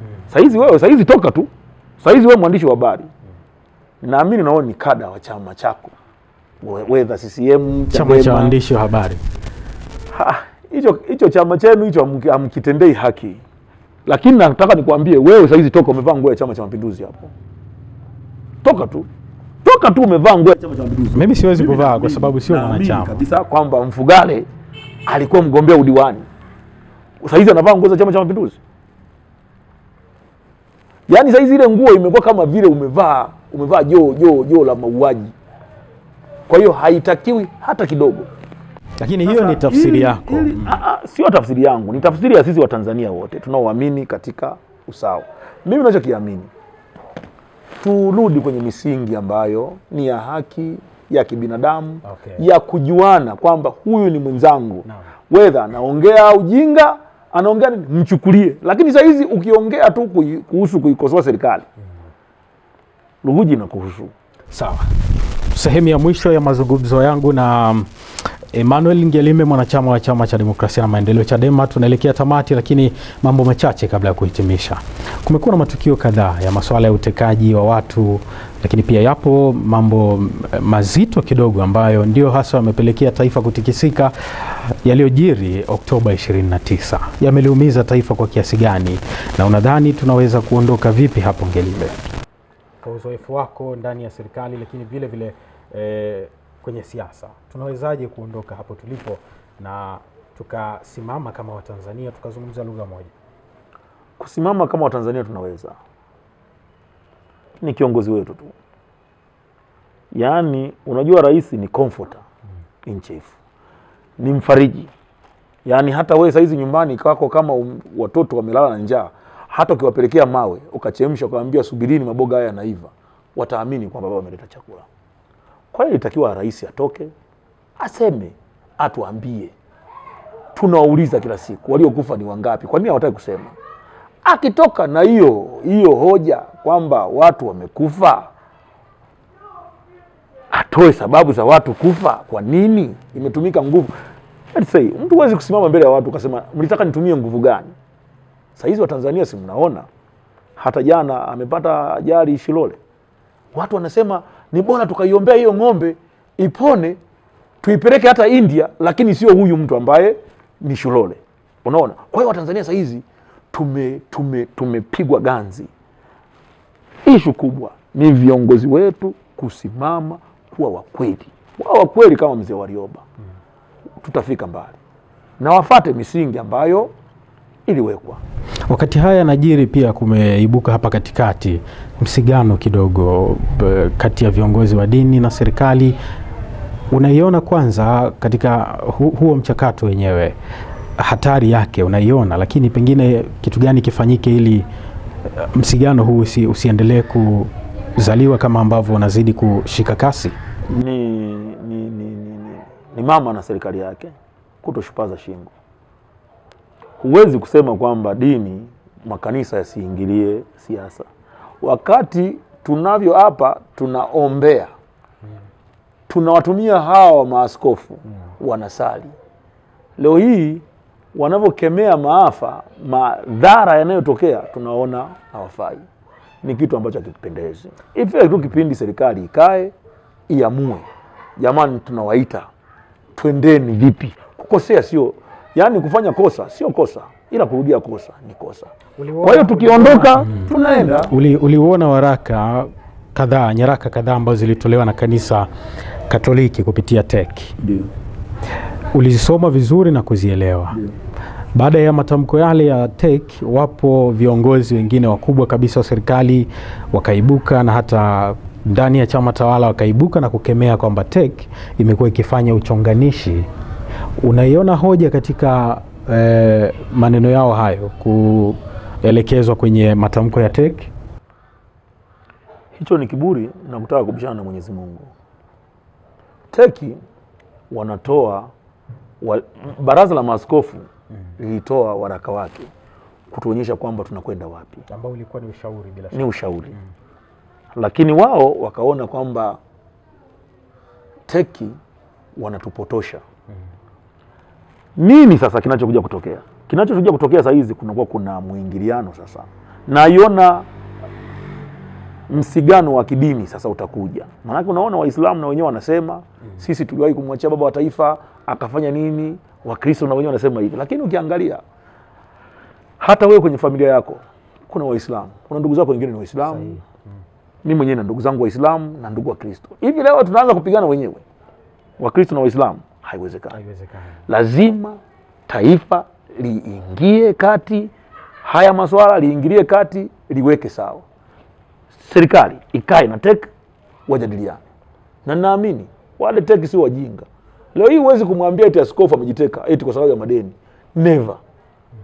Hmm. Saizi wewe saizi toka tu, saizi wewe mwandishi wa habari hmm. naamini nao ni kada wa chama chako, wedha CCM, chama cha waandishi wa habari hicho hicho chama chenu hicho hamkitendei haki, lakini nataka nikwambie wewe saizi toka umevaa nguo ya Chama cha Mapinduzi hapo, toka tu toka tu umevaa nguo ya Chama cha Mapinduzi. Mimi siwezi kuvaa kwa sababu sio mwanachama kabisa, kwamba Mfugale alikuwa mgombea udiwani, saizi anavaa nguo za Chama cha Mapinduzi. Yaani saizi ile nguo imekuwa kama vile umevaa umevaa joo joo joo la mauaji, kwa hiyo haitakiwi hata kidogo. Lakini hiyo ni tafsiri yako? Mm. Sio tafsiri yangu, ni tafsiri ya sisi Watanzania wote tunaoamini katika usawa. Mimi kiamini turudi kwenye misingi ambayo ni ya haki ya kibinadamu okay, ya kujuana kwamba huyu ni mwenzangu no, wedha anaongea ujinga anaongea nini? Mchukulie. Lakini saa hizi ukiongea tu kuhusu kuikosoa serikali, Ruhuji na kuhusu. Sawa, sehemu ya mwisho ya mazungumzo yangu na Emmanuel Ngelimbe mwanachama wa chama cha demokrasia na maendeleo Chadema, tunaelekea tamati, lakini mambo machache kabla ya kuhitimisha. Kumekuwa na matukio kadhaa ya masuala ya utekaji wa watu, lakini pia yapo mambo mazito kidogo ambayo ndio hasa yamepelekea taifa kutikisika. Yaliyojiri Oktoba 29 yameliumiza taifa kwa kiasi gani, na unadhani tunaweza kuondoka vipi hapo, Ngelimbe, kwa uzoefu wako ndani ya serikali, lakini vile vile eh, kwenye siasa. Tunawezaje kuondoka hapo tulipo na tukasimama kama Watanzania tukazungumza lugha moja? Kusimama kama Watanzania tunaweza, ni kiongozi wetu tu. Yaani, unajua rais ni comforter in chief, ni mfariji. Yaani hata wewe hizi nyumbani kwako kama um, watoto wamelala na njaa, hata ukiwapelekea mawe ukachemsha ukawaambia subirini maboga haya yanaiva, wataamini kwamba baba ameleta chakula. Kwa hiyo itakiwa rais atoke aseme, atuambie. Tunawauliza kila siku waliokufa ni wangapi? Kwa nini hawataki kusema? Akitoka na hiyo hiyo hoja kwamba watu wamekufa, atoe sababu za watu kufa, kwa nini imetumika nguvu. Mtu huwezi kusimama mbele ya watu ukasema mlitaka nitumie nguvu gani? Sahizi Watanzania si mnaona, hata jana amepata ajali Shilole, watu wanasema ni bora tukaiombea hiyo ng'ombe ipone, tuipeleke hata India, lakini sio huyu mtu ambaye ni shulole Unaona, kwa hiyo Watanzania saa hizi tume tume tumepigwa ganzi. Ishu kubwa ni viongozi wetu kusimama kuwa wakweli, wa wakweli kama mzee Warioba, tutafika mbali na wafate misingi ambayo iliwekwa. Wakati haya najiri pia kumeibuka hapa katikati msigano kidogo eh, kati ya viongozi wa dini na serikali. Unaiona kwanza katika hu huo mchakato wenyewe hatari yake unaiona, lakini pengine kitu gani kifanyike ili eh, msigano huu usi, usiendelee kuzaliwa kama ambavyo unazidi kushika kasi? Ni, ni, ni, ni, ni mama na serikali yake kutoshupaza shingo huwezi kusema kwamba dini makanisa yasiingilie siasa, wakati tunavyo hapa tunaombea, tunawatumia hawa maaskofu wanasali. Leo hii wanavyokemea maafa, madhara yanayotokea, tunaona hawafai. Ni kitu ambacho hakitupendezi. Ifike kipindi serikali ikae iamue, jamani, tunawaita twendeni vipi? Kukosea sio Yaani kufanya kosa sio kosa, ila kurudia kosa ni kosa. Kwa hiyo tukiondoka mm. tunaenda. Uliuona waraka kadhaa, nyaraka kadhaa ambazo zilitolewa na kanisa Katoliki kupitia TEC, ulizisoma vizuri na kuzielewa Baada ya matamko yale ya TEC, wapo viongozi wengine wakubwa kabisa wa serikali wakaibuka na hata ndani ya chama tawala wakaibuka na kukemea kwamba TEC imekuwa ikifanya uchonganishi Unaiona hoja katika e, maneno yao hayo kuelekezwa kwenye matamko ya TEC? Hicho ni kiburi na kutaka kubishana na Mwenyezi Mungu. TEC wanatoa wa, baraza la maaskofu mm. lilitoa mm. waraka wake kutuonyesha kwamba tunakwenda wapi, ambao ulikuwa ni ushauri, bila shaka ni ushauri mm. lakini wao wakaona kwamba TEC wanatupotosha nini sasa kinachokuja kutokea? Kinachokuja kutokea saa hizi kunakuwa kuna mwingiliano sasa, naiona msigano wa kidini sasa utakuja, maanake unaona Waislamu na wenyewe wanasema mm. sisi tuliwahi kumwachia baba wa taifa akafanya nini, Wakristo na wenyewe wanasema hivi. Lakini ukiangalia hata wewe kwenye familia yako kuna Waislamu, kuna ndugu zako wengine ni Waislamu, mm. mi mwenyewe na ndugu zangu Waislamu na ndugu wa kristo Hivi leo tunaanza kupigana wenyewe Wakristo na Waislamu haiwezekani. Lazima taifa liingie kati, haya masuala liingilie kati, liweke sawa. Serikali ikae na TEC wajadiliane, na naamini wale TEC si wajinga. Leo hii huwezi kumwambia eti askofu amejiteka eti kwa sababu ya madeni, never.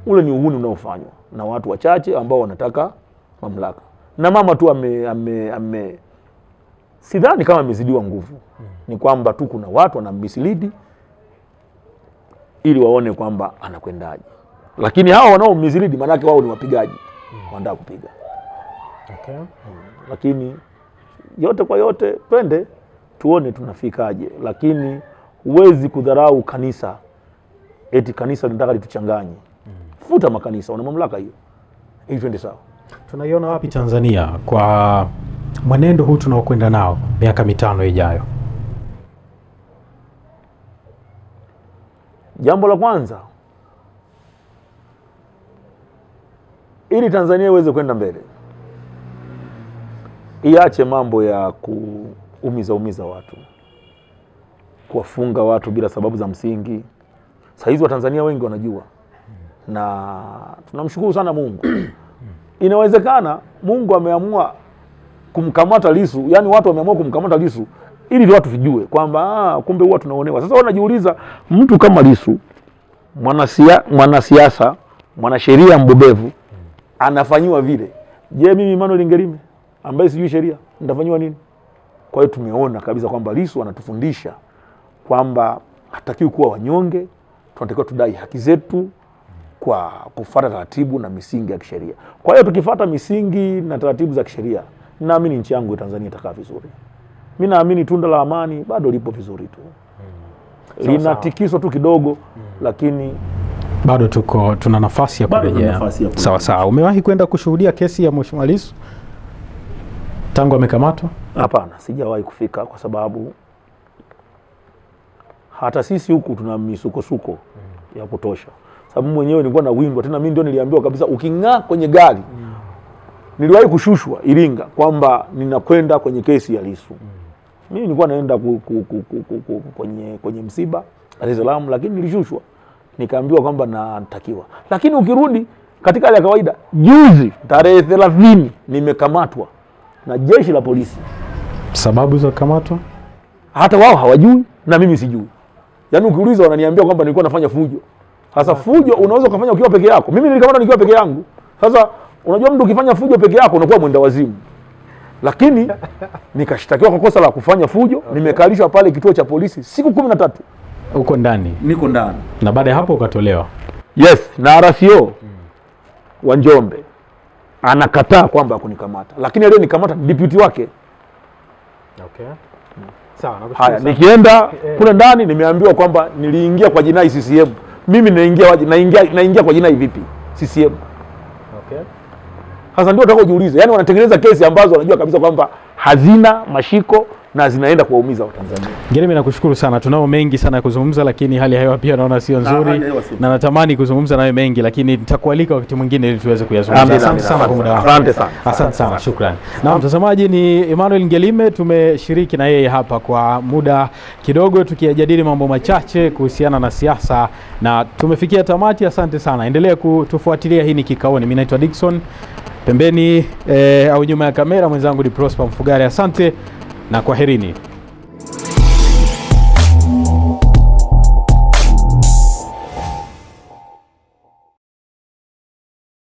Ule ni uhuni unaofanywa na watu wachache ambao wanataka mamlaka, na mama tu ame, ame, ame sidhani kama amezidiwa nguvu, hmm. ni kwamba tu kuna watu wanamisilidi ili waone kwamba anakwendaje, lakini hawa wanaomizilidi maanake wao ni wapigaji wanataka kupiga okay. Lakini yote kwa yote, twende tuone tunafikaje, lakini huwezi kudharau kanisa eti kanisa linataka lituchanganye. hmm. Futa makanisa, wana mamlaka hiyo, ili twende sawa. Tunaiona wapi Tanzania kwa mwenendo huu tunaokwenda nao miaka mitano ijayo? Jambo la kwanza, ili Tanzania iweze kwenda mbele, iache mambo ya kuumiza umiza watu, kuwafunga watu bila sababu za msingi. sahizi Watanzania wengi wanajua, na tunamshukuru sana Mungu. Inawezekana Mungu ameamua kumkamata lisu yani watu wameamua kumkamata lisu ili watu vijue kwamba ah, kumbe huwa tunaonewa. Sasa wanajiuliza mtu kama lisu mwanasiasa mwanasiasa mwanasheria mbobevu anafanyiwa vile, je, mimi Manuel Ngelime ambaye sijui sheria nitafanyiwa nini? Kwa hiyo tumeona kabisa kwamba Lisu anatufundisha kwamba hatakiwi kuwa wanyonge, tunatakiwa tudai haki zetu kwa kufuata taratibu na misingi ya kisheria. Kwa hiyo tukifuata misingi na taratibu za kisheria, naamini nchi yangu ya Tanzania itakaa vizuri mi naamini tunda la amani bado lipo vizuri tu mm. linatikiswa tu kidogo mm. lakini bado tuko tuna nafasi ya kurejea. Sawa sawa. Umewahi kwenda kushuhudia kesi ya Mheshimiwa Lissu tangu amekamatwa? Hapana, sijawahi kufika kwa sababu hata sisi huku tuna misukosuko mm. ya kutosha, sababu mwenyewe nilikuwa na windwa tena, mimi ndio niliambiwa kabisa uking'aa kwenye gari hmm. niliwahi kushushwa Iringa kwamba ninakwenda kwenye kesi ya Lissu hmm. Mimi nilikuwa naenda ku, ku, ku, ku, ku, ku, kwenye, kwenye msiba Dar es Salaam, lakini nilishushwa nikaambiwa kwamba natakiwa, lakini ukirudi katika hali ya kawaida. Juzi tarehe thelathini nimekamatwa na jeshi la polisi. Sababu za kukamatwa hata wao hawajui na mimi sijui, yaani ukiuliza wananiambia kwamba nilikuwa nafanya fujo. Sasa ah. fujo unaweza ukafanya ukiwa peke yako, mimi nilikamatwa nikiwa peke yangu. Sasa unajua mtu ukifanya fujo peke yako unakuwa mwenda wazimu lakini nikashtakiwa kwa kosa la kufanya fujo okay. Nimekalishwa pale kituo cha polisi siku kumi na tatu huko ndani, niko ndani, na baada ya hapo ukatolewa. Yes, na RCO hmm. wa Njombe anakataa kwamba kunikamata, lakini aliyonikamata deputy wake okay. Sawa, haya nikienda eh, eh. kule ndani nimeambiwa kwamba niliingia kwa jinai CCM. Mimi naingia naingia naingia kwa jinai vipi CCM? okay. Sasa ndio nataka ujiulize, yani wanatengeneza kesi ambazo wanajua kabisa kwamba hazina mashiko na zinaenda kuwaumiza Watanzania. Ngine, mimi nakushukuru sana, tunao mengi sana ya kuzungumza, lakini hali ya hewa pia naona sio nzuri na, na natamani kuzungumza nawe mengi, lakini nitakualika wakati mwingine ili tuweze kuyazungumza. Asante sana kwa muda wako. Asante sana, asante sana, shukrani. Na mtazamaji, ni Emmanuel Ngelime, tumeshiriki na yeye hapa kwa muda kidogo tukiyajadili mambo machache kuhusiana na siasa na tumefikia tamati. Asante sana, endelea kutufuatilia. Hii ni Kikaoni, mimi naitwa Dickson Pembeni eh, au nyuma ya kamera mwenzangu ni Prosper Mfugari. Asante na kwaherini.